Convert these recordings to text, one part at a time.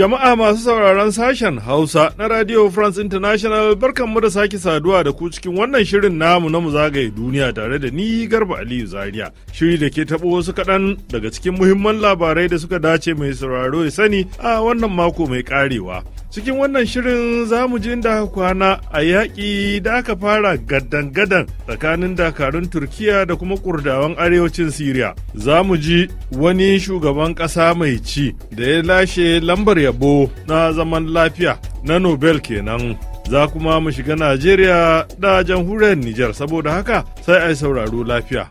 Jama'a masu sauraron sashen Hausa na Radio France International barkanmu da sake saduwa da ku cikin wannan shirin namu na mu zagaye duniya tare da ni Garba Aliyu Zaria. Shiri da ke tabo wasu kaɗan daga cikin muhimman labarai da suka dace mai sauraro ya sani a wannan mako mai karewa. cikin wannan shirin zamu ji inda kwana a yaƙi da aka fara gadan-gadan tsakanin dakarun turkiya da kuma kurdawan arewacin syria za mu ji wani shugaban ƙasa mai ci da ya lashe lambar yabo na zaman lafiya na nobel kenan za kuma mu shiga najeriya da jamhuriyar Nijar, saboda haka sai ayi sauraro lafiya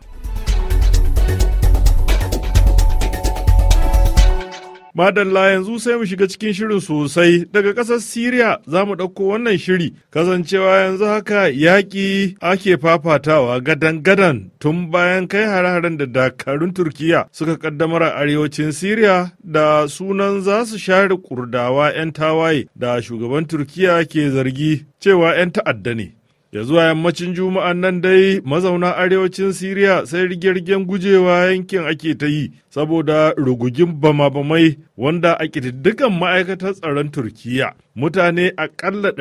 Madalla yanzu sai mu shiga cikin shirin sosai daga ƙasar syria za mu ɗauko wannan shiri kasancewa yanzu haka yaƙi ake fafatawa gadan-gadan tun bayan kai hare-haren da dakarun Turkiya suka ƙaddamar a arewacin syria da sunan za su share kurdawa 'yan tawaye da shugaban Turkiya ke zargi cewa 'yan ta'adda ne. ya zuwa yammacin juma'an nan dai mazauna arewacin siriya sai rigirgen gujewa yankin ake ta yi saboda rugugin bama-bamai wanda a ƙididdigan ma'aikatar tsaron turkiyya mutane aƙalla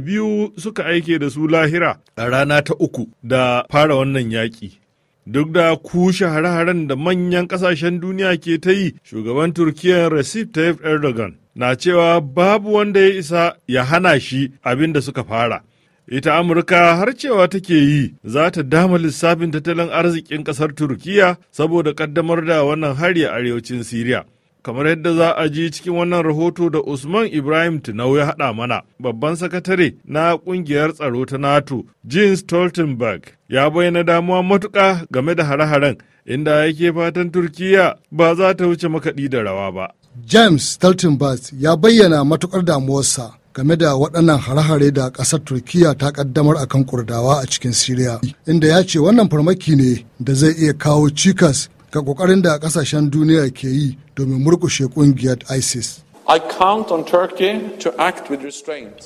biyu suka aike da su lahira a rana ta uku da fara wannan yaƙi duk da kushe hare-haren da manyan ƙasashen duniya ke ta yi shugaban turkiya recep tayyip erdogan na cewa babu wanda ya isa ya hana shi abin da suka fara ita amurka har cewa take yi za ta dama lissafin tattalin arzikin kasar Turkiyya saboda kaddamar da wannan hari a arewacin siriya kamar yadda za a ji cikin wannan rahoto da usman ibrahim tinau ya haɗa mana babban sakatare na ƙungiyar tsaro ta nato jean stoltenberg ya bayyana damuwa matuka game da hare-haren inda yake fatan Turkiyya ba za ta wuce makaɗi da rawa ba james stoltenberg ya bayyana matuƙar damuwarsa game da waɗannan hare-hare da ƙasar turkiyya ta ƙaddamar akan kurdawa a cikin siriya inda ya ce wannan farmaki ne da zai iya kawo cikas ga ƙoƙarin da ƙasashen duniya ke yi domin murƙushe ƙungiyar isis count on to act with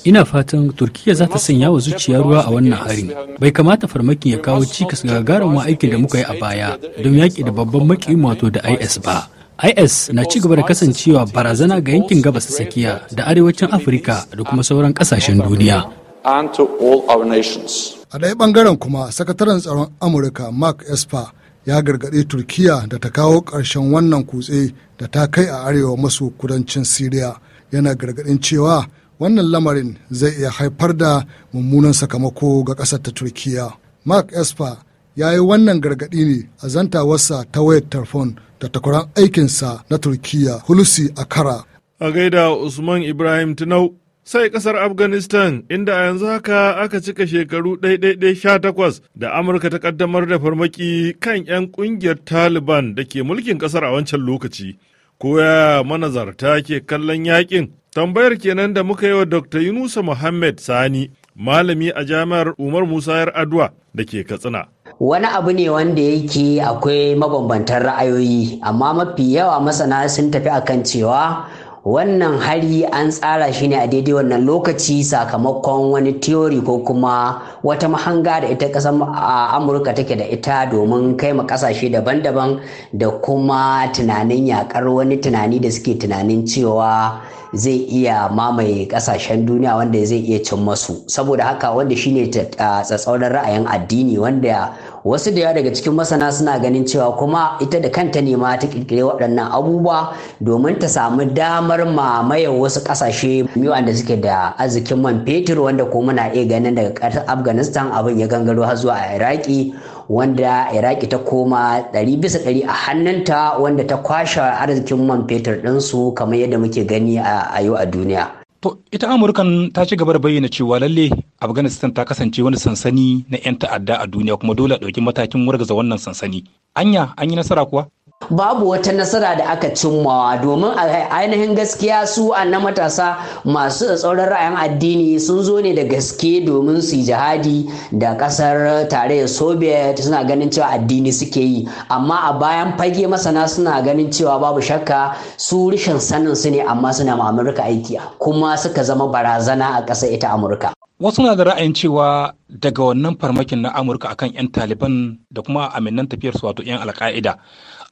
Ina fatan Turkiyya za ta sanya wa zuciya ruwa a wannan harin. Bai kamata farmakin ya kawo cikas ga gagarumin aikin da muka yi a baya don yaƙi da babban maƙiyin wato da IS ba. is na ci gaba da kasancewa barazana ga yankin gabas ta tsakiya da arewacin afirka da kuma sauran kasashen duniya a ɗaya ɓangaren kuma sakataren tsaron amurka mark esper ya gargaɗe turkiya da ta kawo ƙarshen wannan kutse da ta kai a arewa maso kudancin syria yana gargaɗin cewa wannan lamarin zai iya haifar da mummunan sakamako ga ƙasar ta turkiya mark esper ya yi wannan gargaɗi ne a zantawarsa ta wayar tarfon da takwaran aikinsa na turkiya hulusi akara a gaida usman ibrahim tinau sai kasar afghanistan inda a yanzu haka aka cika shekaru ɗai-ɗai-ɗai sha takwas da amurka ta kaddamar da farmaki kan 'yan ƙungiyar taliban da ke mulkin kasar a wancan lokaci koya manazarta ke kallon yakin tambayar kenan da muka yi wa dr yunusa muhammad sani malami a jami'ar Umar Musa yar Adua da ke Katsina. Wani abu ne wanda yake akwai mabambantan ra'ayoyi, amma mafi yawa masana sun tafi akan cewa wannan hari an tsara shi ne a daidai wannan lokaci sakamakon wani teori ko kuma wata mahanga da ita kasar amurka take da ita domin kai ma kasashe daban-daban da kuma tunanin yakar wani tunani da suke tunanin cewa zai iya mamaye kasashen duniya wanda zai iya cin masu saboda haka wanda shine tsatsauran ra'ayin addini wanda wasu da yawa daga cikin masana suna ganin cewa kuma ita da kanta ne ma ta kirkire waɗannan abubuwa domin ta samu damar mamayar wasu ƙasashe wanda suke da arzikin man fetur wanda ko muna iya ganin daga ƙasar afghanistan abin ya gangaro har zuwa iraki wanda iraki ta koma ɗari bisa ɗari a hannunta wanda ta kwashe arzikin man fetur ɗinsu kamar yadda muke gani a yau a duniya To ita Amurkan ta ci gaba da bayyana cewa lalle Afghanistan ta kasance wani sansani na 'yan ta'adda a duniya kuma dole a ɗauki matakin wargaza wannan sansani. Anya an yi nasara kuwa? babu wata nasara da aka cimmawa domin a ainihin gaskiya su na matasa masu tsauran ra'ayin addini sun zo ne da gaske domin su yi jihadi da kasar tarayyar soviet suna ganin cewa addini suke yi amma a bayan fage masana suna ganin cewa babu shakka su rishin sanin su ne amma suna ma amurka aiki kuma suka zama barazana a ƙasar ita amurka wasu na da ra'ayin cewa daga wannan farmakin na amurka akan 'yan taliban da kuma aminan tafiyar su wato 'yan alka'ida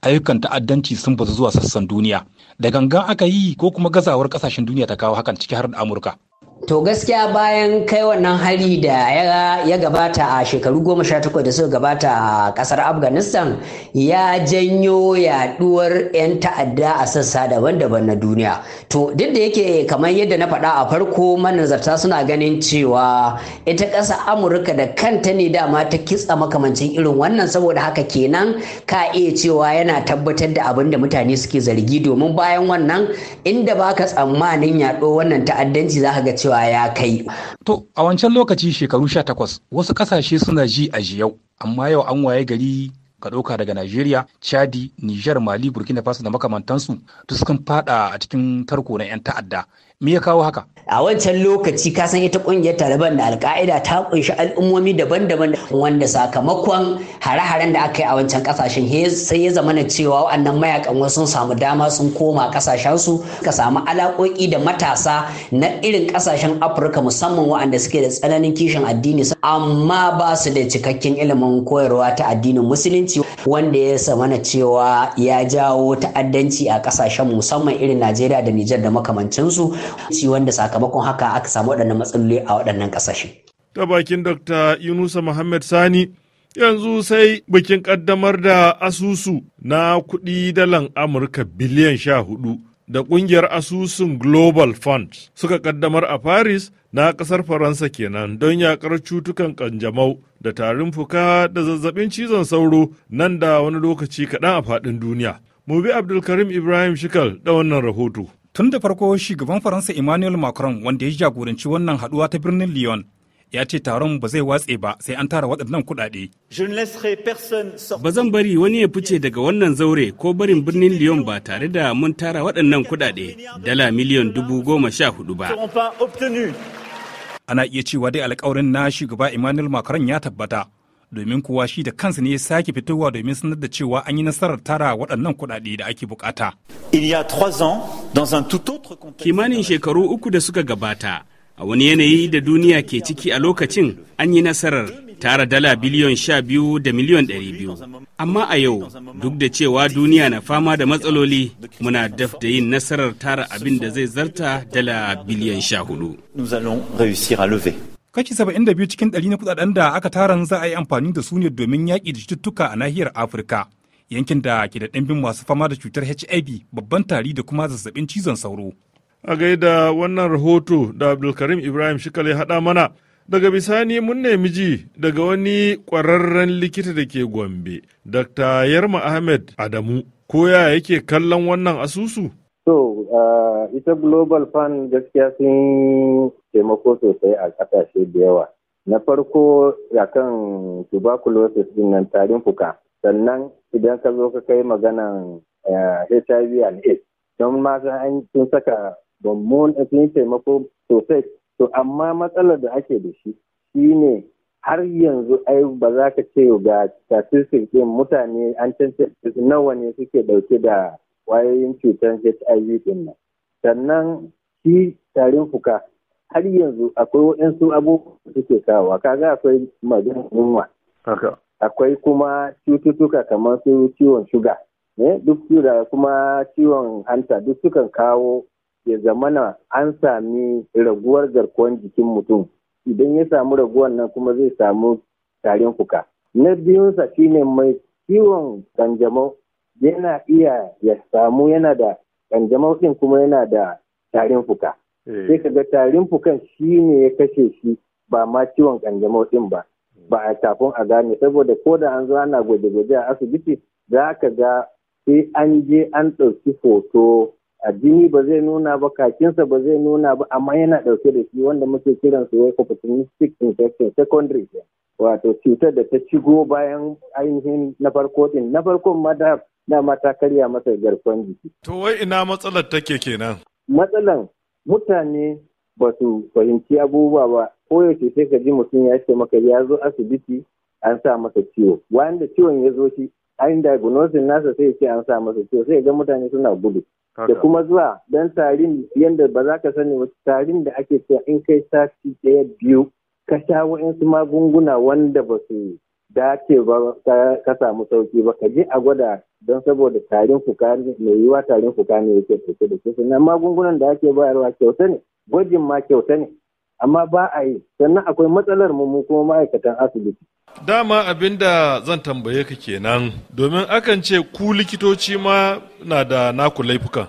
ayyukan ta'addanci sun bazu zuwa sassan duniya da gangan aka yi ko kuma gazawar kasashen duniya ta kawo hakan ciki har da amurka to gaskiya bayan kai wannan hari da ya gabata a shekaru goma sha takwas da suka gabata a kasar afghanistan ya janyo yaduwar 'yan ta'adda a sassa daban-daban na duniya to duk da yake kamar yadda na faɗa a farko manazarta suna ganin cewa ita ƙasa amurka da kanta ne dama ta kitsa makamancin irin wannan saboda haka kenan ka iya cewa yana tabbatar da abin da mutane suke zargi domin bayan wannan inda baka tsammanin yaɗo wannan ta'addanci za ka ga cewa cewa ya kai. To a wancan lokaci shekaru sha takwas wasu ƙasashe suna ji a yau amma yau an waye gari ka ɗauka daga Najeriya, Chadi, Nijar, Mali, Burkina Faso da makamantansu duk sun fada a cikin tarko na 'yan ta'adda me ya kawo haka a wancan lokaci ka san ita kungiyar taliban da alka'ida ta kunshi al'ummomi daban-daban wanda sakamakon hare-haren da aka yi a wancan kasashen sai ya zama cewa wannan mayakan wasu sun samu dama sun koma su, ka samu alaƙoƙi da matasa na irin kasashen afirka musamman waɗanda suke da tsananin kishin addini amma ba su da cikakken ilimin koyarwa ta addinin musulunci wanda ya zama cewa ya jawo ta'addanci a kasashen musamman irin najeriya da nijar da makamancinsu ci wanda sakamakon haka aka samu waɗannan matsaloli a waɗannan ƙasashe. Ta bakin Dr. Yunusa Muhammad Sani yanzu sai bikin ƙaddamar da asusu na kuɗi dalan Amurka biliyan sha hudu da ƙungiyar asusun Global Fund suka ƙaddamar a Paris na ƙasar Faransa kenan don yaƙar cutukan ƙanjamau da tarin fuka da zazzabin cizon sauro nan da wani lokaci kaɗan a faɗin duniya. Mubi Abdulkarim Ibrahim Shikal da wannan rahoto. Tun da farko shugaban Faransa Emmanuel Macron wanda ya jagoranci wannan haduwa ta birnin Lyon ya ce taron ba zai watse ba sai an tara waɗannan kuɗaɗe. Ba zan bari wani ya fice daga wannan zaure ko barin birnin Lyon ba tare da mun tara waɗannan kuɗaɗe dala miliyan dubu goma sha hudu ba. Ana iya cewa dai alkawarin na shugaba Emmanuel Macron ya tabbata. domin kuwa shi da kansa ne ya sake fitowa domin sanar da cewa an yi nasarar tara waɗannan kuɗaɗe da ake bukata. Kimanin shekaru uku da suka gabata, a wani yanayi da duniya ke ciki a lokacin an yi nasarar tara dala biliyon sha biyu da miliyon ɗari biyu. Amma a yau, duk da cewa duniya na fama da matsaloli, muna daf da yin nasarar tara abin da zai zarta dala biliyan sha hudu. kashi 72 cikin 100 na kudaden da aka taran za a yi amfani da su ne domin yaƙi da cututtuka a nahiyar afirka yankin da ke da ɗimbin masu fama da cutar hiv babban tari da kuma zazzabin cizon sauro a gaida wannan rahoto da abdulkarim ibrahim shikale haɗa mana daga bisani mun nemi ji daga wani ƙwararren likita da ke gombe dr yarma ahmed adamu ko ya yake kallon wannan asusu so, ah, ita global fund gaskiya sun taimako sosai a ƙasashe da yawa. Na farko akan tuberculosis din nan tarin fuka, sannan idan ka zo ka kai maganan HIV eh, and AIDS, don ma an sun saka bambun sun taimako sosai. To amma matsalar da ake da shi shine har yanzu ai ba za ka ce ga statistics din mutane an tantance nawa ne suke dauke da wayoyin cutar HIV din nan. Sannan shi tarin fuka har yanzu akwai waɗansu abubuwa suke kawo kaga akwai maganin yunwa akwai kuma cututtuka kamar su ciwon shuga ne eh, duk da kuma ciwon hanta duk sukan kawo ya zamana an sami raguwar garkuwar jikin mutum idan ya samu raguwar nan kuma zai samu tarin fuka na biyunsa shine mai ciwon kanjamau yana iya ya samu yana da kanjamau ɗin kuma yana da tarin fuka sai eh. ka ga tarin fukan shi ne ya kashe shi ba ma ciwon kanjamau din ba hmm. ba a kafin a gane saboda ko da an zo ana gwaje-gwaje a asibiti za ka ga sai an je an ɗauki hoto a jini ba zai nuna ba kakinsa ba zai nuna ba amma yana ɗauke da shi wanda muke kiran su wai opportunistic infection secondary wato cutar da ta shigo bayan ainihin na farko din na farkon ma da dama ta karya masa garkon jiki. To wai ina matsalar take kenan? Matsalan mutane ba su fahimci abubuwa ba ko koyaushe sai ka ji mutum ya ce maka ya zo asibiti an sa masa ciwo wanda ciwon ya zo shi an diagnosis nasa sai ce an sa masa ciwo sai ga mutane suna gudu da kuma zuwa dan tarin yanda ba za ka sani wasu tarin da ake cewa in kai sati ɗaya biyu ka sha wa'insu magunguna wanda ba su dace ba ka samu sauki ba ka je a gwada don saboda tarin fuka mai yiwa tarin fuka ne yake ɗauke da shi sannan magungunan da ake bayarwa kyauta ne gwajin ma kyauta ne amma ba a yi sannan akwai matsalar mu kuma ma'aikatan asibiti dama abin da zan tambaye ka kenan domin akan ce ku likitoci ma na da naku laifukan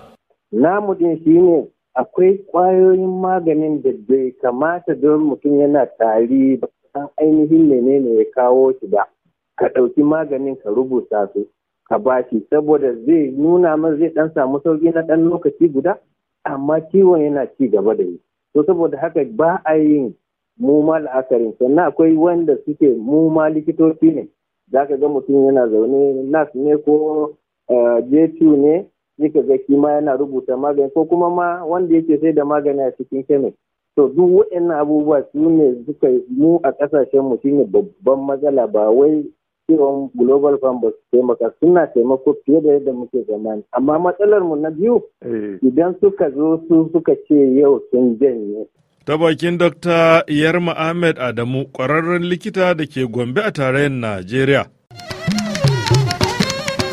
namu din ne akwai kwayoyin maganin da bai kamata don mutum yana tari ba san ainihin menene ya kawo shi ba ka ɗauki maganin ka rubuta su ka ba shi saboda zai nuna ma zai ɗan samu sauki na ɗan lokaci guda amma ciwon yana ci gaba da yi to saboda haka ba a yin mu ma la'akarin sannan akwai wanda suke mu ma likitoci ne za ka ga mutum yana zaune nas ne ko eh, jetu ne ka ga shi ma yana rubuta magani ko kuma ma wanda yake sai da magani a cikin kemis to duk waɗannan abubuwa su ne suka mu a ƙasashen mu shine babban matsala ba wai cewa global fund ba su taimaka suna taimako fiye da yadda muke zamani amma matsalar mu na biyu eh. idan suka zo su suka ce yau sun janye ta bakin dokta yarma ahmed adamu ƙwararren likita da ke gombe a tarayyar najeriya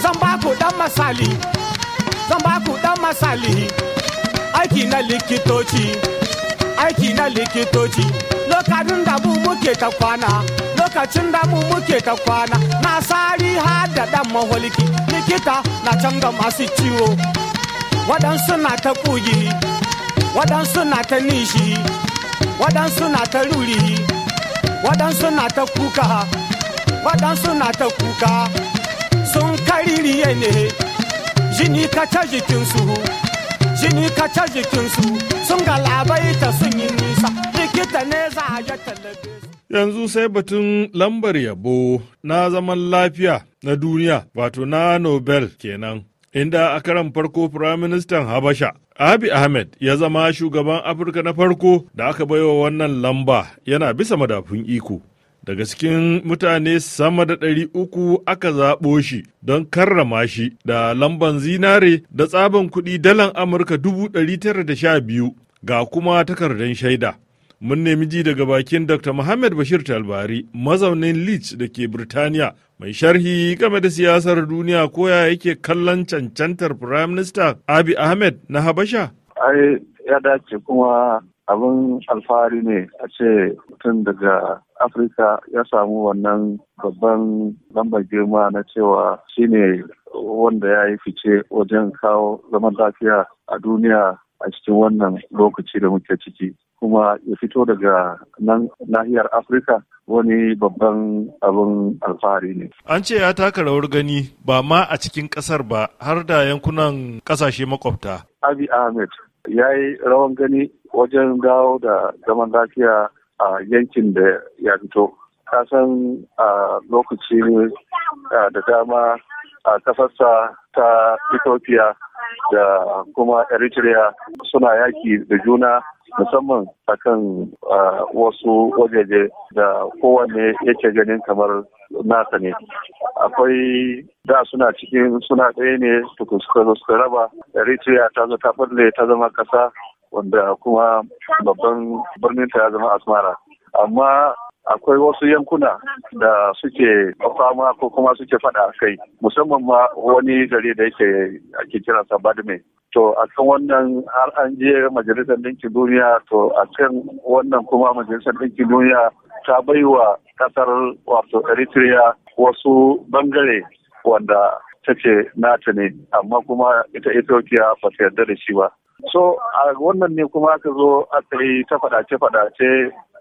zan ba dan masali zan ba dan masali aiki na likitoci aiki na likitoci lokacin da mu muke ta kwana lokacin da mu muke ta kwana na sari har da dan maholiki likita na can ga masu ciwo waɗansu na ta kugi waɗansu na ta nishi waɗansu na ta ruri waɗansu na ta kuka waɗansu na ta kuka sun kaririye ne jini ka ta jikinsu jini ca jikinsu sun ta sun yi nisa likita ne za a ga talabe yanzu sai batun lambar yabo na zaman lafiya na duniya wato na nobel kenan inda a karan farko firaministan habasha abi ahmed ya zama shugaban afirka na farko da aka baiwa wannan lamba yana bisa madafun iko Daga cikin mutane sama da ɗari uku aka zaɓo shi don karrama shi da lamban zinare da tsaban kuɗi dalan Amurka dubu ɗari tara da sha biyu ga kuma takardar shaida. Mun nemi ji daga bakin Dr. Muhammad Bashir Talbari, mazaunin Leeds da ke Birtaniya, mai sharhi game da siyasar duniya koya yake kallon cancantar Prime Minister Abi Ahmed na Habasha. Ai, ya dace kuma abin alfahari ne a ce mutum daga afirka ya samu wannan babban lambar girma na cewa shine wanda ya yi fice wajen kawo zaman lafiya a duniya a cikin wannan lokaci da muke ciki kuma ya fito daga nan nahiyar afirka wani babban abin alfahari ne an ce ya taka rawar gani ba ma a cikin kasar ba har da yankunan kasashe makwabta abi ahmed ya yi rawan gani wajen dawo da zaman lafiya a yankin da ya fito kasan a lokaci da dama a kasarsa ta ethiopia da kuma eritrea suna yaki da juna musamman a kan wasu wajeje da kowanne yake ganin kamar nasa ne akwai da suna cikin suna ɗaya ne su raba eritrea ta zo ta ta zama ƙasa wanda kuma babban birnin ta ya zama asmara amma akwai wasu yankuna da suke fama ko kuma suke fada kai musamman ma wani gari da yake ake kiransa badme to a kan wannan har an je majalisar ɗinkin duniya to a kan wannan kuma majalisar ɗinkin duniya ta baiwa kasar wato eritrea wasu bangare wanda ta ce nata ne amma kuma ita ethiopia ba ta yarda da shi ba So a wannan ne kuma aka zo aka yi ta fadace-fadace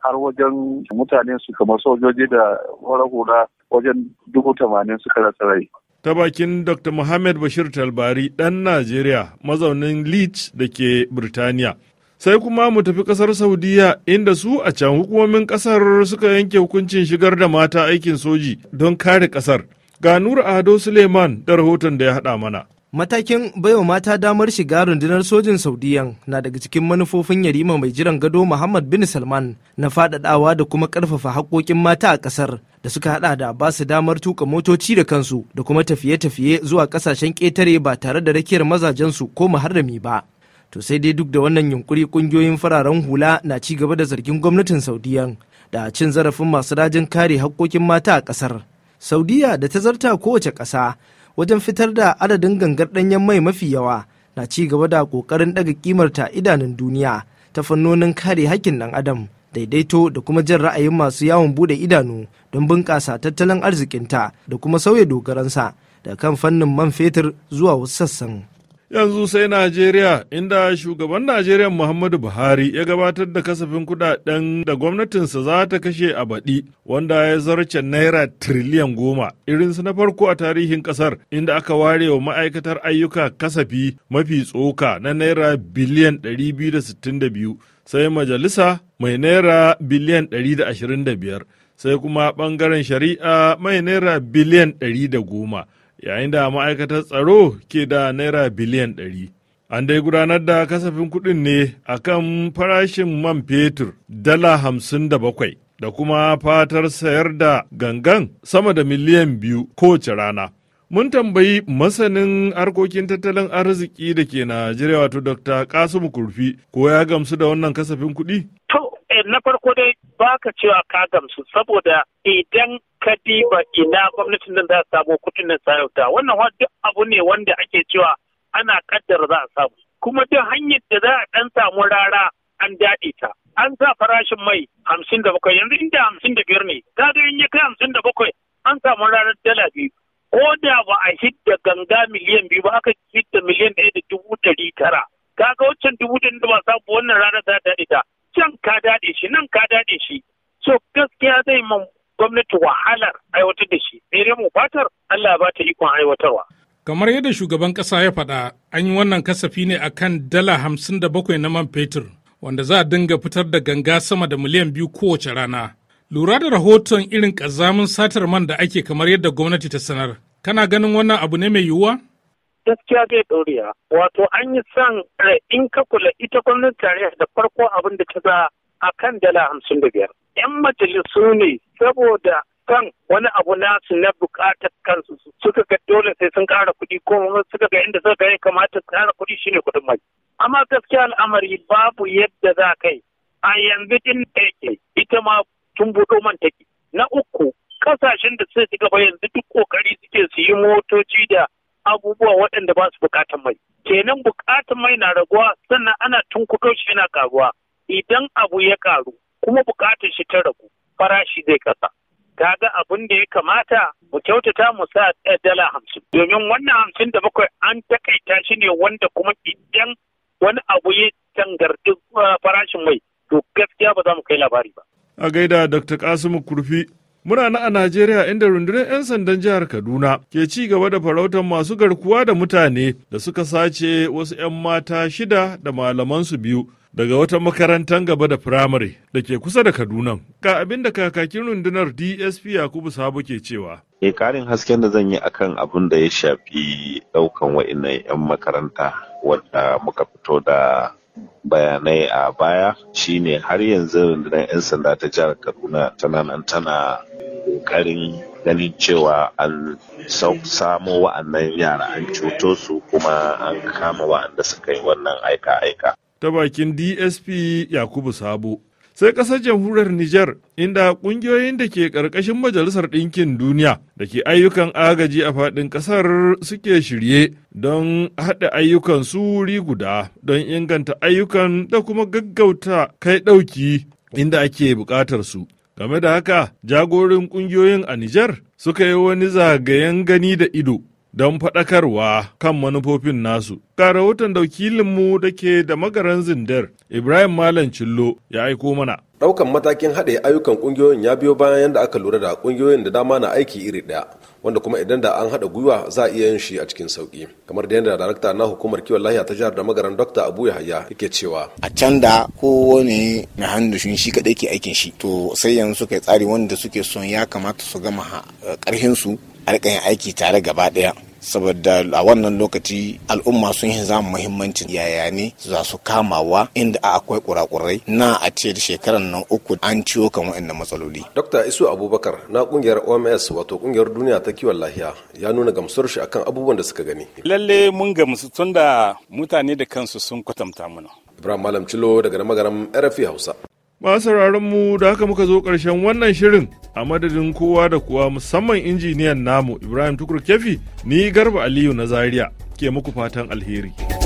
har wajen mutane su kamar sojoji da hula wajen dubu tamanin su rasa rai. Ta bakin Dr. Muhammad Bashir Talbari ɗan Najeriya mazaunin Leeds da ke Birtaniya. Sai kuma mu tafi ƙasar Saudiya inda su a can hukumomin ƙasar suka yanke hukuncin shigar da mata aikin soji don kare ƙasar. Ga Nur Ado Suleiman da rahoton da ya haɗa mana. Matakin baiwa mata damar shiga rundunar sojin Saudiyan na daga cikin manufofin yarima mai jiran gado Muhammad bin Salman na faɗaɗawa da kuma ƙarfafa haƙoƙin mata a ƙasar da suka haɗa da ba su damar tuka motoci da kansu da kuma tafiye-tafiye zuwa ƙasashen ƙetare ba tare da rakiyar mazajensu ko muharrami ba. To sai dai duk da wannan yunƙuri ƙungiyoyin fararen hula na ci gaba da zargin gwamnatin Saudiyan da cin zarafin masu rajin kare haƙoƙin mata a ƙasar. Saudiya da ta zarta kowace ƙasa wajen fitar da adadin gangar ɗanyen mai mafi yawa na ci gaba da ƙoƙarin ɗaga ƙimarta idanun duniya ta fannonin kare hakkin ɗan adam daidaito da kuma jin ra'ayin masu yawon bude idanu don bunƙasa tattalin arzikinta da kuma sauya dogaransa da kan fannin man fetur zuwa wasu sassan. Yanzu sai Najeriya, inda shugaban Najeriya Muhammadu Buhari ya gabatar da kasafin kudaden da gwamnatinsa za ta kashe a baɗi, wanda ya zarce naira tiriliyan goma, irin su na farko a tarihin ƙasar, inda aka ware wa ma'aikatar ayyuka kasafi mafi tsoka na naira biliyan 262, sai majalisa mai naira biliyan 125, sai kuma ɓangaren shari'a mai naira biliyan 110. yayin da ma'aikatar tsaro ke da naira biliyan ɗari. an dai gudanar da kasafin kuɗin ne a kan farashin man fetur dala hamsin da bakwai. Da kuma fatar sayar da gangan sama da miliyan biyu kowace rana mun tambayi masanin harkokin tattalin arziki da ke najeriya wato dr kasimu kurfi ko ya gamsu da wannan kasafin kuɗi to na farko dai ba ka cewa ka gamsu saboda idan ka diba ina gwamnatin nan za a samu kudin nan sayauta wannan duk abu ne wanda ake cewa ana kaddara za a samu kuma duk hanyar da za a dan samu rara an daɗe ta an sa farashin mai hamsin da bakwai yanzu inda hamsin da biyar ne Ka ga in ya kai hamsin da bakwai an samu ranar dala biyu ko da ba a hidda ganga miliyan biyu ba aka hidda miliyan ɗaya da dubu ɗari tara kaga waccan dubu ɗari da ba samu wannan ranar za ta daɗe ta can ka daɗe shi nan ka daɗe shi so gaskiya zai man gwamnati wahalar aiwatar da shi sai mu fatar Allah ba ta ikon aiwatarwa. Kamar yadda shugaban ƙasa ya faɗa an yi wannan kasafi ne akan dala hamsin da bakwai na man fetur wanda za a dinga fitar da ganga sama da miliyan biyu kowace rana. Lura da rahoton irin ƙazamin satar man da ake kamar yadda gwamnati ta sanar. Kana ganin wannan abu ne mai yiwuwa? gaskiya zai ɗorewa. Wato an yi son eh, in ka kula ita gwamnatin tarayya da farko abin da ta za a kan dala hamsin da biyar. 'Yan majalisu ne saboda kan wani abu nasu na bukatar kansu suka ga dole sai sun ƙara kuɗi ko suka ga inda suka ga ya kamata su kara kuɗi shine kuɗin mai. Amma gaskiya al'amari babu yadda za kai a yanzu din da yake ita ma tun buɗo man take. Na uku ƙasashen da suka ci gaba yanzu duk kokari suke su yi motoci da abubuwa waɗanda ba su buƙatar mai kenan bukatan mai na raguwa sannan ana tun shi yana ƙaruwa idan abu ya ƙaru kuma buƙatar shi ta ragu farashi zai ƙasa kaga abin da ya kamata mu kyautata mu sa eh, dala hamsin domin wannan hamsin da bakwai an takaita shi ne wanda kuma idan wani abu ya tangardi eh, farashin mai to gaskiya ba za mu kai labari ba. A gaida Dr. Kasimu Kurfi Muna na a Najeriya inda rundunar 'yan sandan jihar Kaduna ke ci gaba da farautar masu garkuwa da mutane da suka sace wasu 'yan mata shida da malamansu biyu daga wata makarantar gaba da firamare da ke kusa da Kaduna. ga abin da kakakin rundunar DSP Yakubu Sabo ke cewa. E eh, karin hasken da zan yi akan abin da ya shafi daukan wa'innan 'yan makaranta wadda muka fito da bayanai a baya shine har yanzu rundunar 'yan sanda ta jihar kaduna tana nan tana ƙoƙarin ganin cewa an samo wa'annan yara an cuto su kuma an kama wa'anda suka yi wannan aika-aika ta bakin dsp yakubu sabo sai ƙasar jamhuriyar Nijar inda ƙungiyoyin da ke ƙarƙashin Majalisar Ɗinkin Duniya da ke ayyukan agaji a faɗin ƙasar suke shirye don haɗa ayyukan suri guda don inganta ayyukan da kuma gaggauta kai ɗauki inda ake buƙatar su. Game da haka, jagorin ƙungiyoyin a Nijar suka yi wani zagayen gani da ido don faɗakarwa kan manufofin nasu. Ga rahoton da wakilinmu da ke da magaran zindar Ibrahim Malam Cillo ya aiko mana. Ɗaukan matakin haɗe ayyukan ƙungiyoyin ya biyo bayan yadda aka lura da ƙungiyoyin da dama na aiki iri ɗaya, wanda kuma idan da an haɗa gwiwa za a iya yin shi a cikin sauƙi. Kamar da yadda darakta na hukumar kiwon lahiya ta jihar da magaran Dr. Abu Yahaya yake cewa. A can da kowane mai hannu shi kaɗai ke aikin shi. To sai yanzu suka yi tsari wanda suke son ya kamata su gama eh, ƙarhinsu a yin aiki tare gaba ɗaya. saboda a wannan lokaci al'umma sun yi zama muhimmanci yaya ne za su kamawa inda akwai kurakurai na a ce da shekaran nan uku an ciwo kan waɗannan matsaloli. Dr. Isu Abubakar na kungiyar OMS wato kungiyar duniya ta kiwon lafiya ya nuna gamsuwar shi akan abubuwan da suka gani. Lalle mun gamsu tunda mutane da kansu sun kwatanta mana. Ibrahim Malam Cilo daga magaram RFI Hausa. Masu mu da haka muka zo ƙarshen wannan shirin a madadin kowa da kuwa musamman injiniyan namu Ibrahim Tukur Kefi ni Garba Aliyu na Zaria ke muku fatan alheri.